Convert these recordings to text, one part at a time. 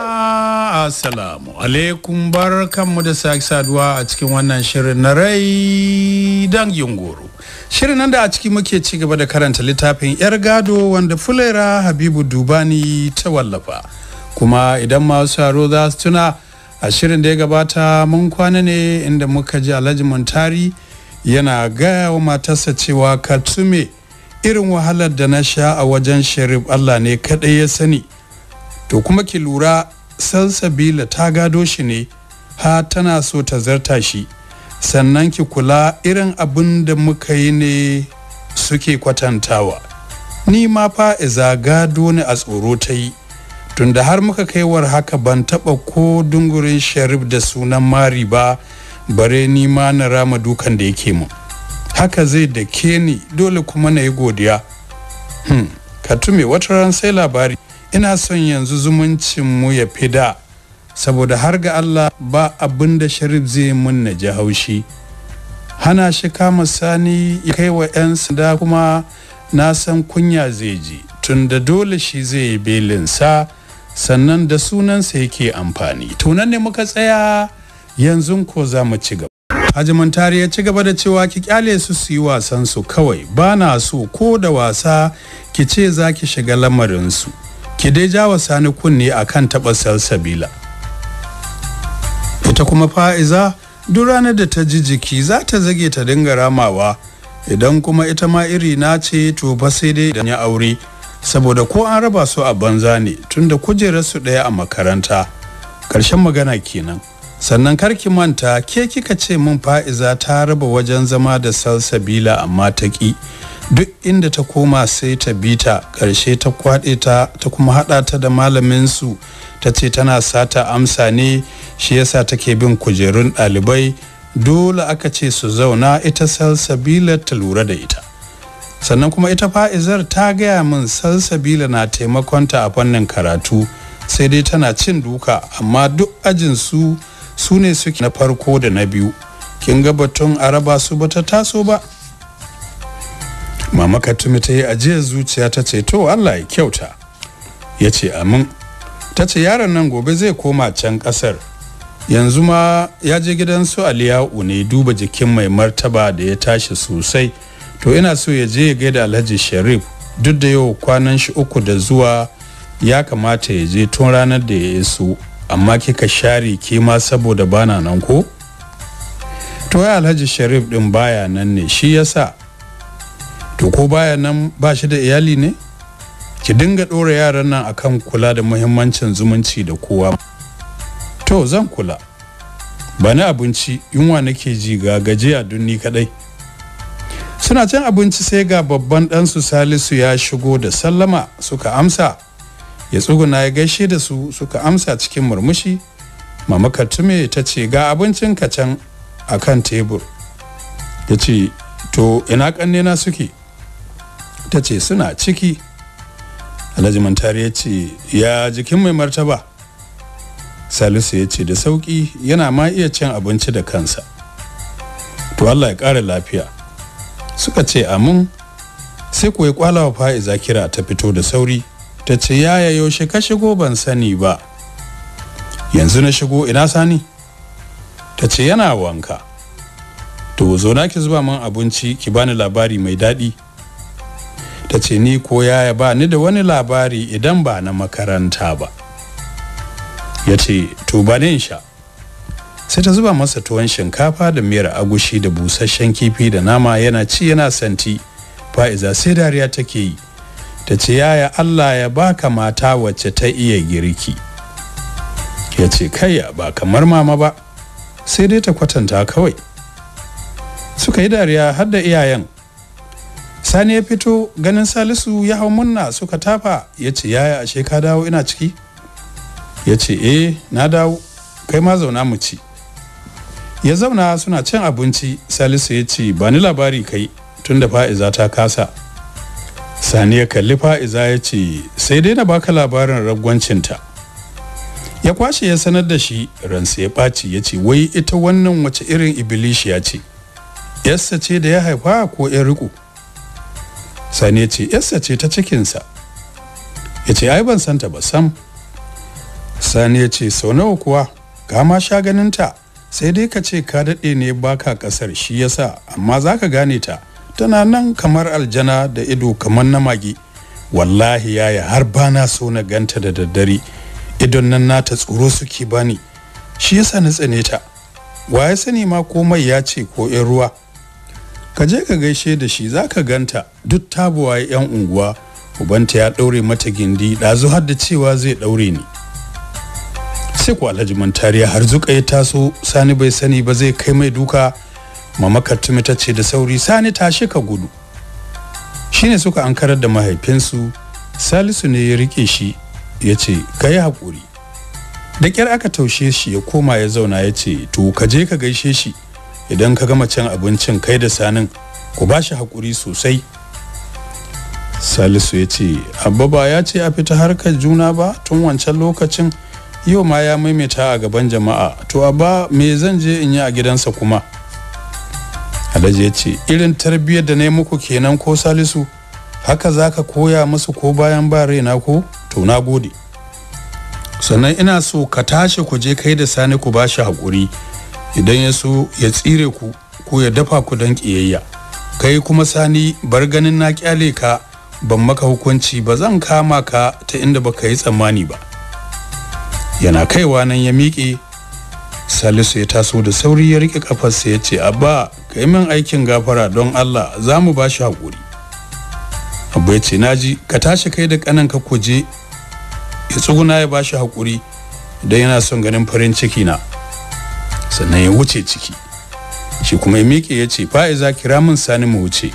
Ah, assalamu alaikum barkanmu da sake saduwa a cikin wannan shirin na rai dan yunguru. Shirin nan da a ciki muke ci gaba da karanta littafin 'yar gado wanda Fulera Habibu Dubani ta wallafa. Kuma idan masu haro za su tuna a shirin da ya gabata mun kwana ne inda muka ji Alhaji Muntari yana gaya wa matarsa cewa Katsume irin wahalar da na sha a wajen Sharif Allah ne kaɗai ya sani. to kuma ki lura salsabila ta gado shi ne ha tana so ta zarta shi sannan ki kula irin abin da muka yi ne suke kwatantawa ni ma fa iza gado ne a tsoro ta yi tunda har muka kaiwar haka ban taba ko dungurin sharif da sunan mari ba bare ni ma na rama dukan da yake mu haka zai da ke ni dole kuma na yi godiya hmm. ka tume wata ran sai labari ina son yanzu zumuncin mu ya fi da saboda har ga Allah ba abin da sharif zai mun na ji haushi hana shi kama sani ya kai wa 'yan sanda kuma na san kunya zai ji tun da dole shi zai yi sa sannan da sunansa yake amfani tunan ne muka tsaya yanzu ko za mu ci gaba hajiman ya ci gaba da cewa ki kyale su su yi wasan su kawai ba na so ko da wasa ki ce za ki shiga lamarinsu ki dai jawa sani kunne kan taɓa salsabila ita kuma fa'iza duk ranar da ta ji jiki za ta zage ta dinga ramawa idan kuma ita ma iri na ce to ba sai dai da ya aure saboda ko an raba su a banza ne tunda kujerar su ɗaya a makaranta ƙarshen magana kenan sannan karki manta ke kika ce min fa'iza ta raba wajen zama da salsabila amma ta ƙi duk inda ta koma sai ta bi ta ƙarshe ta kwaɗe ta ta kuma haɗa ta da malaminsu ta ce tana sata amsa ne shi yasa take bin kujerun ɗalibai dole aka ce su zauna ita salsabila ta lura da ita sannan kuma ita fa'izar ta gaya min salsabila na taimakonta a fannin karatu sai dai tana cin duka amma duk ajin su su ne suke na farko da na biyu kin ga batun araba su bata taso ba mama katumi ta yi ajiyar zuciya ta ce to allah ya kyauta ya ce amin ta ce yaron nan gobe zai koma can kasar yanzu ma ya je gidan su aliyu ne duba jikin mai martaba da ya tashi sosai to ina so ya je ya gaida alhaji sharif duk da yau kwanan shi uku da zuwa ya kamata ya je tun ranar da ya iso amma kika share ke ma saboda bana nan ko to ya alhaji sharif din baya nan ne shi yasa to ko baya nan ba shi da iyali ne ki dinga ɗora yaran nan akan kula da muhimmancin zumunci da kowa to zan kula bani abinci yunwa nake ji ga gajiya dunni kadai suna cin abinci sai ga babban ɗansu salisu ya shigo da sallama suka amsa ya tsuguna ya gaishe da su suka amsa cikin murmushi mama katume ta ce ga abincin ka can a kan tebur ya ce to ina ƙannena suke ta ce suna ciki alhaji mantari ya ce ya jikin mai martaba salisu ya ce da sauki yana ma iya cin abinci da kansa to allah ya ƙara lafiya suka ce amin sai kuwa kwalawa fa'iza kira ta fito da sauri ta ce yaya yaushe ka shigo ban sani ba yanzu na shigo ina sani ta ce yana wanka to zo na ki zuba min abinci ki bani labari mai daɗi ta ce ni ko yaya ba ni da wani labari idan ba na makaranta ba ya ce to ba sha sai ta zuba masa tuwon shinkafa da miyar agushi da busasshen kifi da nama yana ci yana santi fa'iza sai dariya take yi ta ce yaya allah ya baka mata wacce ta iya girki ya ce kaiya ba kamar mama ba sai dai ta kwatanta kawai suka yi dariya har da iyayen sani ya fito ganin salisu ya hau munna suka tafa ya ce yaya a ka dawo ina ciki ya ce eh na dawo kai ma zauna mu ci ya zauna suna cin abinci salisu ya ce ba ni labari kai tunda fa'iza ta kasa sani ya kalli fa'iza ya ce sai dai na baka labarin ragwancinta ya kwashe ya sanar da shi ransa ya ɓaci ya ce wai ita wannan wace irin ibilishiya ce yassa ce da ya haifa ko 'yan riko sani yace ce yarsa ce ta cikinsa ya ce ai ban santa ba sam sani ya ce sau nawa kuwa ka ma sha ganin ta sai dai ka ce ka daɗe ne baka ƙasar shi yasa amma za ka gane ta tana nan kamar aljana da ido kamar na magi wallahi yaya har ba na so na ganta da daddare idon nan nata tsoro suke bani shi yasa na tsane ta ya sani ma komai ya ce ko in ruwa ka je ka gaishe da shi za ka ganta duk tabuwa yan unguwa ubanta ya ɗaure mata gindi ɗazu har da cewa zai ɗaure ni sai ku alhaji mantariya har zuka ya taso sani bai sani ba zai kai mai duka mama kattumi ta ce da sauri sani tashi ka gudu Shi ne suka ankarar da mahaifinsu salisu ne ya rike shi ya ce ka yi haƙuri da ƙyar aka taushe shi ya koma ya zauna ya ce to ka je ka gaishe shi idan ka gama cin abincin kai da sanin ku ba shi haƙuri sosai salisu ya ce abba ba ya ce a fita harkar juna ba tun wancan lokacin yau ma ya maimaita a gaban jama'a to abba me zan je in yi a gidansa kuma alhaji ya ce irin tarbiyyar da na yi muku kenan ko salisu haka za ka koya musu ko bayan ba raina ko to na gode sannan ina so ka tashi ku je kai da sani ku ba shi haƙuri idan ya so ya tsire ku ko ya dafa ku don ƙiyayya kai kuma sani bar ganin na ƙyale ka ban maka hukunci ba zan kama ka ta inda baka yi tsammani ba yana kaiwa nan ya miƙe salisu ya taso da sauri ya riƙe ƙafarsa ya ce abba ka yi min aikin gafara don allah za mu ba shi haƙuri abba ya ce naji ka tashi kai da ƙanan ka kuje ya tsuguna ya ba shi haƙuri idan yana son ganin farin ciki na sannan ya wuce ciki shi kuma ya miƙe ya ce fa'iza kira min sani mu wuce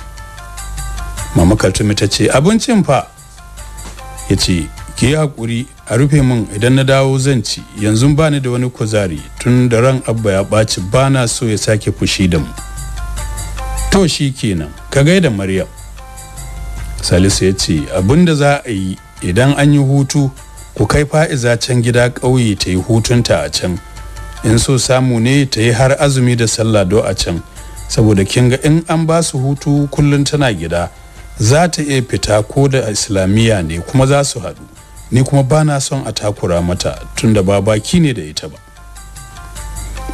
mama kaltumi ta ce abincin fa ya ce ki yi haƙuri a rufe min idan na dawo zan ci yanzu ba ni da wani kuzari tun da ran abba ya ɓaci ba na so ya sake fushi da mu to shi kenan ka gaida maryam salisu ya ce abin da za a yi idan an yi hutu ku kai fa'iza can gida ƙauye ta yi hutunta a can in so samu ne ta yi har azumi da sallah do a can saboda kin ga in an ba su hutu kullum tana gida za ta iya fita ko da islamiyya ne kuma za su haɗu ni kuma ba na son a takura mata tunda ba baki ne da ita ba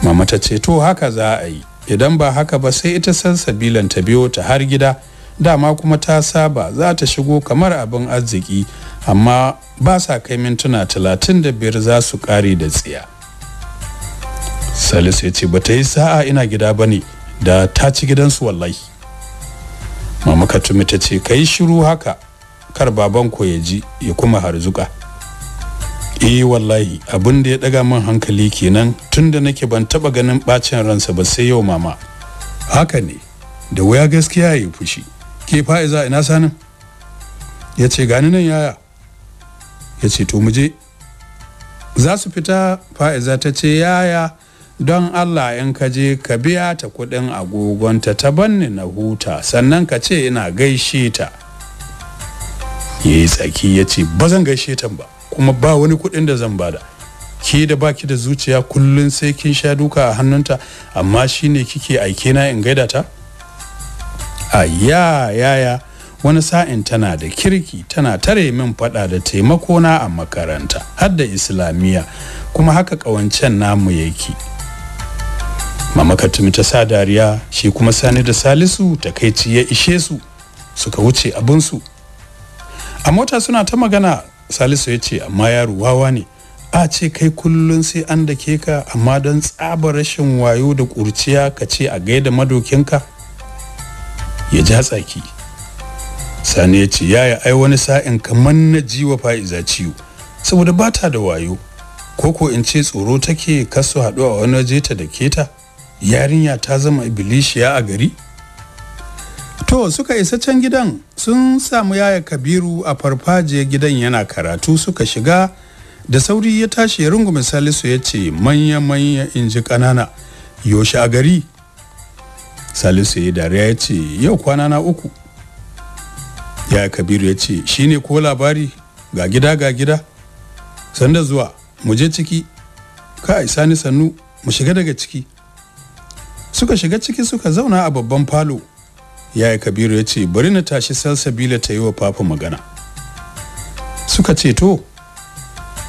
mama ta ce to haka za a yi idan ba haka ba sai ita san sabilan ta biyo ta har gida dama kuma ta saba za ta shigo kamar abin arziki amma ba sa kai mintuna talatin da biyar za su kare da tsiya salisu ya ce ba ta yi sa'a ina gida ba ne da ta ci gidansu wallahi mama katumi ta ce ka yi shiru haka kar baban ko ya ji ya kuma harzuka eh wallahi abin da ya daga min hankali kenan tun da nake ban taba ganin bacin ransa ba sai yau mama haka ne da waya gaskiya ya yi fushi ke fa'iza ina sanin ya ce gani nan yaya ya ce to mu je za su fita fa'iza ta ce yaya don allah in ka je ka biya ta kudin agogonta ta banni na huta sannan ka ce ina gaishe ta ya yi tsaki ya ce ba zan gaishe ta ba kuma ba wani kudin da zan bada ke da baki da zuciya kullum sai kin sha duka a hannunta amma shine kike aike na in gaida ta a ya ya ya wani sa'in tana da kirki tana tare min fada da taimakona a makaranta har da islamiyya kuma haka ƙawancen namu yake mama katumi ta sa dariya shi kuma sani da salisu ta takaici ya ishe su suka wuce abinsu a mota suna ta magana salisu ya ce amma yaro wawa ne a ce kai kullum sai an da ke ka amma don tsaba rashin wayo da kurciya ka ce a gaida madokinka ya ja tsaki sani ya ce yaya ai wani sa'in kamar na jiwa fa'iza ciwo saboda ba ta da wayo ko in ce tsoro take kasu haɗu a wani waje ta da keta yarinya ta zama ibilishiya a gari to suka isa can gidan sun samu yaya kabiru a farfaje gidan yana karatu suka shiga da sauri ya tashi ya rungume salisu ya ce manya-manya in ji ƙanana yoshi a gari salisu ya dariya ya ce yau kwana na uku ya kabiru ya ce "Shi ne ko labari ga gida ga gida sanda zuwa mu je ciki isa ni sannu mu shiga daga ciki suka shiga ciki suka zauna a babban falo yaya kabiru ya ce bari na tashi salsabila ta yi wa papa magana suka ce to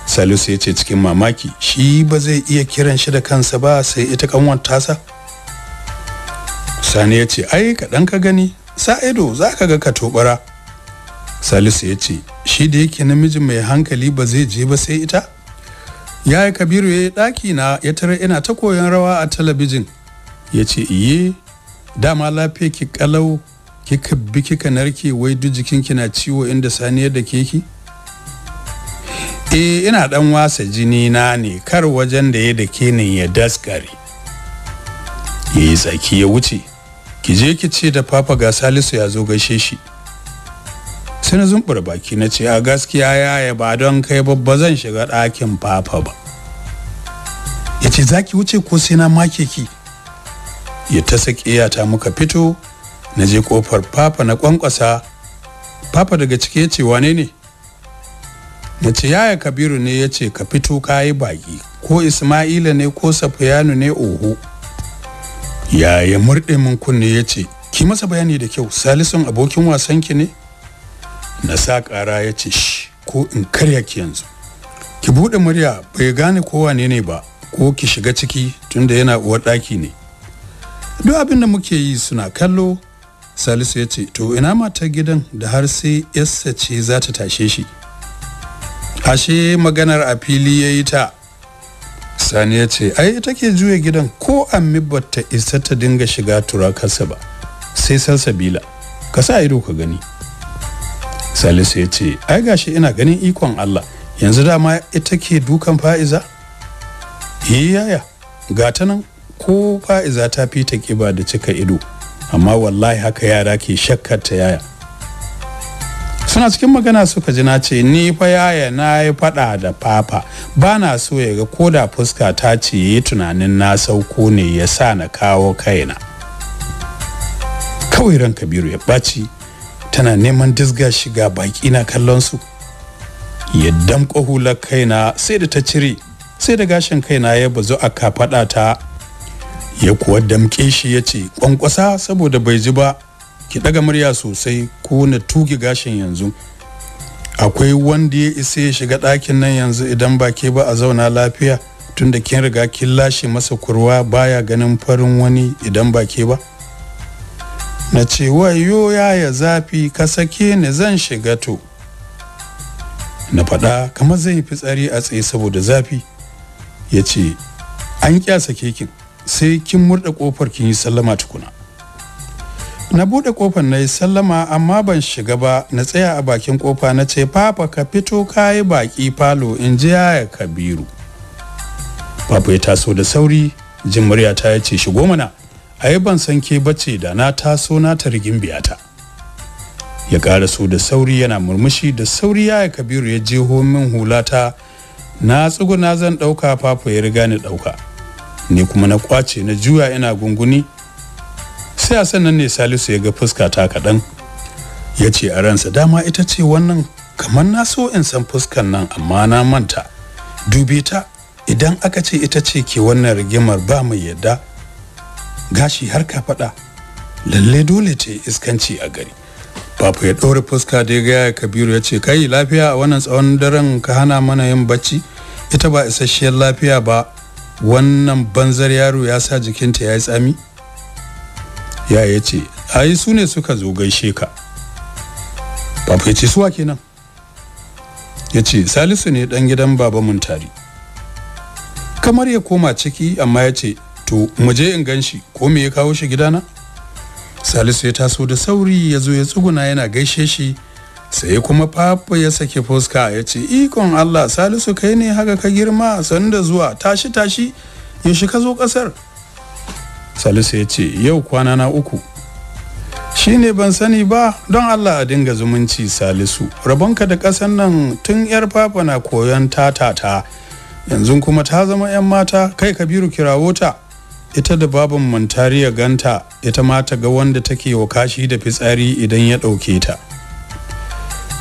salisu ya ce cikin mamaki shi ba zai iya kiran shi da kansa ba sai ita kanwan tasa sani ya ce ai kaɗan ka gani sa ido za ka ga ka tobara salisu ya ce shi da yake namiji mai hankali ba zai je ba sai ita yaya kabiru ya yi ɗaki na ya tara ina ta koyon rawa a talabijin ya ce iye dama lafiya ki kalau kika bi kika narke wai duk ki na ciwo inda saniyar da keki eh ina dan wasa jini na ne kar wajen da ya dake nan ya daskare yayi tsaki ya wuce ki je ki ce da papa ga Salisu ya zo gaishe shi sai na zumbar baki na ce a gaskiya yaya ba don kai babba zan shiga ɗakin papa ba ya ce za ki wuce ko sai na make ki ya ta ta muka fito na je kofar papa na kwankwasa papa daga ciki ya ce wane ne na ce yaya kabiru ne ya ce ka fito ka yi baki ko isma'ila ne ko safiyanu ne oho yaya murɗe min kunne ya ce ki masa bayani da kyau salisun abokin wasan ki ne na sa ƙara ya ce shi ko in karya ki yanzu ki buɗe murya bai gane kowa ne ne ba ko ki shiga ciki tunda yana uwar ɗaki ne duk abin da muke yi suna kallo salisu ya ce to ina mata gidan da har sai yassa ce za ta tashe shi ashe maganar a fili ya yi ta sani ya ce ai ita ke juya gidan ko an ta isa ta dinga shiga turakarsa ba sai salsabila ka sa ido ka gani salisu ya ce ai gashi ina ganin ikon allah yanzu dama ita ke dukan fa'iza eh, yaya gata nan ko fa'iza ta fi ta ƙiba da cika ido amma wallahi haka yara ke shakkar ta yaya suna cikin magana suka ji na ce ni fa yaya na yi faɗa da papa ba na so ya ga ko da fuska ta ce yi tunanin na sauko ne ya sa na kawo kaina kawai ran kabiru ya ɓaci tana neman disga shiga baki na kallon su ya damƙo hular kaina sai da ta cire sai da gashin kaina ya bazu a kafaɗa ta ya kuwa damke shi ya ce ƙwanƙwasa saboda bai ji ba ki ɗaga murya sosai ko na tuƙi gashin yanzu akwai wanda ya isa ya shiga ɗakin nan yanzu idan ba ke ba a zauna lafiya tunda kin riga kin lashe masa kurwa baya ganin farin wani idan ba ke ba na ce wayo yaya zafi ka sake ni zan shiga to na faɗa kamar zai fi tsari a tsaye saboda zafi ya ce an kyasa kekin sai kin murda kofar kin yi sallama tukuna na bude kofar na yi sallama amma ban shiga ba na tsaya a bakin kofa na ce papa ka fito kayi baki falo in ji yaya kabiru papa ya taso da sauri jin murya ta ya ce shigo mana ai ban san ke bace da na taso na ta rigin biyata ya ƙara so da sauri yana murmushi da sauri yaya kabiru ya je min hulata na tsuguna zan ɗauka papa ya riga ni ɗauka ni kuma na kwace na juya ina gunguni sai a sannan ne salisu ya ga fuska ta kaɗan ya ce a ransa dama ita ce wannan kamar na so in san fuskan nan amma na manta dube ta idan aka ce ita ce ke wannan rigimar ba mai yadda gashi har ka faɗa lalle dole ce iskanci a gari Papa ya ɗaure fuska da ya gaya Kabiru ya ce kai lafiya a wannan tsawon daren ka hana mana yin bacci ita ba isasshiyar lafiya ba wannan banzar yaro ya sa jikinta ya yi tsami ya ya ce ayi su ne suka zo gaishe ka Babu ya ce suwa kenan ya ce salisu ne dan gidan baba tari. kamar ya koma ciki amma ya ce to muje in gan shi, ko me ya kawo shi gidana salisu ya taso da sauri ya zo ya tsuguna yana gaishe shi sai kuma fafa ya saki fuska ya ce ikon allah salisu kai ne haka ka girma sanda zuwa tashi tashi ya ka zo kasar salisu ya ce yau kwana na uku Shi ne ban sani ba don allah a dinga zumunci salisu rabonka da kasan nan tun yar fafa na koyon tatata yanzu kuma ta zama yan mata kai kabiru kirawo ta ita da babin mantariya ganta ita ma ta ga wanda take wa kashi da fitsari idan ya ɗauke ta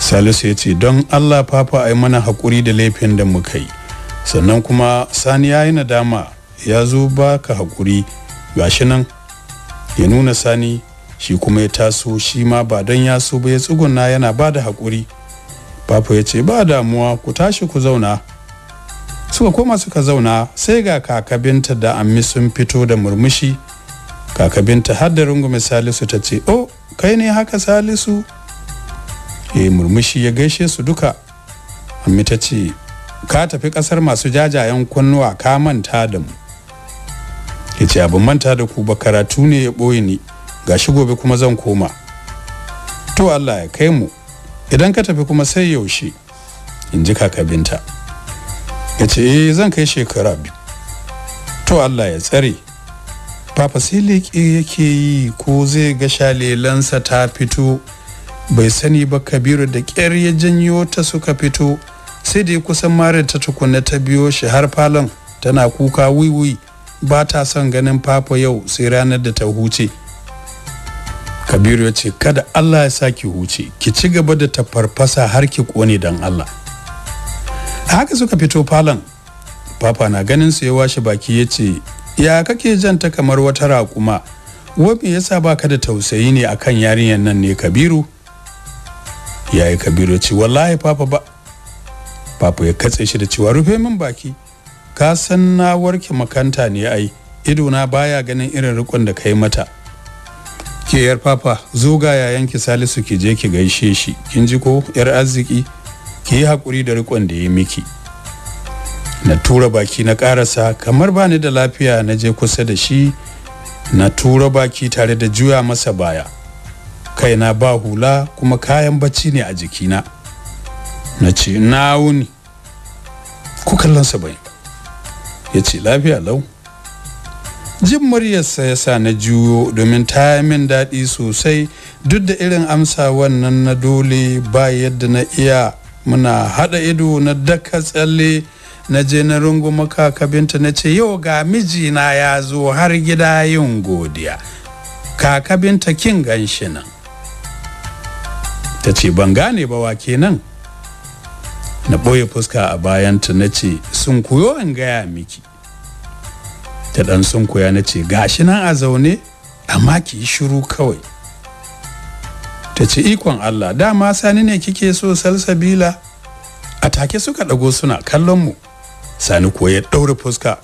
salisu ya ce don allah fafa a yi mana haƙuri da laifin da muka yi sannan kuma sani ya yi nadama ya zo ba ka haƙuri shi nan ya nuna sani shi kuma ya taso shi ma ba don ya so ba ya tsuguna yana ba da haƙuri fafa ya ce ba damuwa ku tashi ku zauna suka koma suka zauna sai ga kakabinta da ammi sun fito da murmushi kakabinta har da rungume salisu ta ce oh kai ne haka salisu e murmushi ya gaishe su duka amma ta ce ka tafi kasar masu jajayen kunnuwa ka manta da mu ya ce abin manta da ku ba karatu ne ya ɓoye ni gashi gobe kuma zan koma to allah ya kai mu idan ka tafi kuma sai yaushe in ji kakabinta ya ce eh zan kai shekara biyu to allah ya tsare papa sai leƙe eh, yake yi ko zai ga shalelansa ta fito bai sani ba kabiru da ƙyar ya janyo ta suka fito sai da ya kusan mare ta tukuna ta biyo shi har falon tana kuka wiwi ba ta son ganin fafa yau sai ranar da ta huce kabiru ya ce kada allah ya ki huce ki ci gaba da ta farfasa har ki kone don allah A haka suka fito falon fafa na ganin su ya washe baki ya ce ya kake janta kamar wata raƙuma wai me yasa baka da tausayi ne akan yarinyar nan ne kabiru ya yi kabiru ya ce wallahi papa ba papa ya katse shi da cewa rufe min baki ka san na warke makanta ne ai idona baya ganin irin rikon da ka yi mata ke yar papa zo ga yanki salisu ki je ki gaishe shi kin ji ko yar arziki ki yi hakuri da rikon da ya miki na tura baki na karasa kamar bani da lafiya na je kusa da shi na tura baki tare da juya masa baya kaina ba hula kuma kayan bacci ne a jikina na ce na wuni ku kallon saba'in ya ce lafiya lau jin muryarsa ya sa na juyo domin ta min daɗi sosai duk da irin amsa wannan na dole ba yadda na iya muna haɗa ido na daka tsalle na je na rungu kakabinta na ce yau ga mijina ya zo har gida yin godiya kakabinta kin ganshi nan ta ce ban gane ba wa kenan na ɓoye fuska a bayanta na ce sun kuyo an gaya miki ta ɗan sun kuya na ce gashi nan a zaune amma ki yi shiru kawai ta ce ikon Allah dama sani ne kike so salsabila a take suka ɗago suna kallon mu sani kuwa ya ɗaure fuska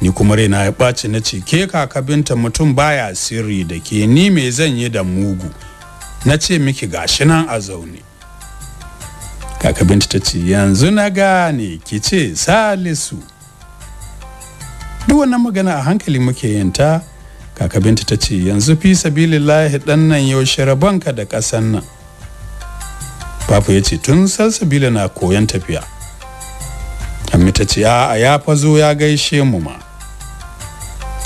ni kuma raina ya ɓaci na ce ke kaka binta mutum baya sirri da ke ni me zan yi da mugu na ce miki gashi nan a zaune kaka binta ta ce yanzu na gane ki ce salisu duk wannan magana a hankali muke yin ta kaka binta ta ce yanzu fi sabilillahi dan nan yaushe rabonka da ƙasan nan Papa ya ce tun salsabila na koyon tafiya amma ta ce a ya fazo ya gaishe mu ma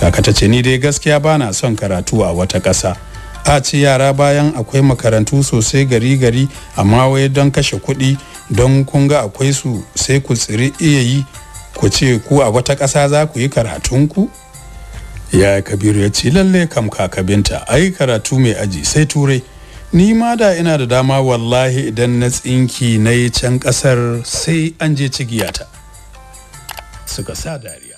kaka ta ce ni dai gaskiya ba na son karatu a wata ƙasa a ce yara bayan akwai makarantu sosai gari-gari amma wai don kashe kuɗi don kun ga akwai su sai ku tsiri iya yi ku ce ku a wata ƙasa za ku yi karatunku ya kabiru ya ce lalle kam kakabinta ai karatu mai aji sai turai ni ma da ina da dama wallahi idan na tsinki na yi can ƙasar sai an je cigiyata suka dariya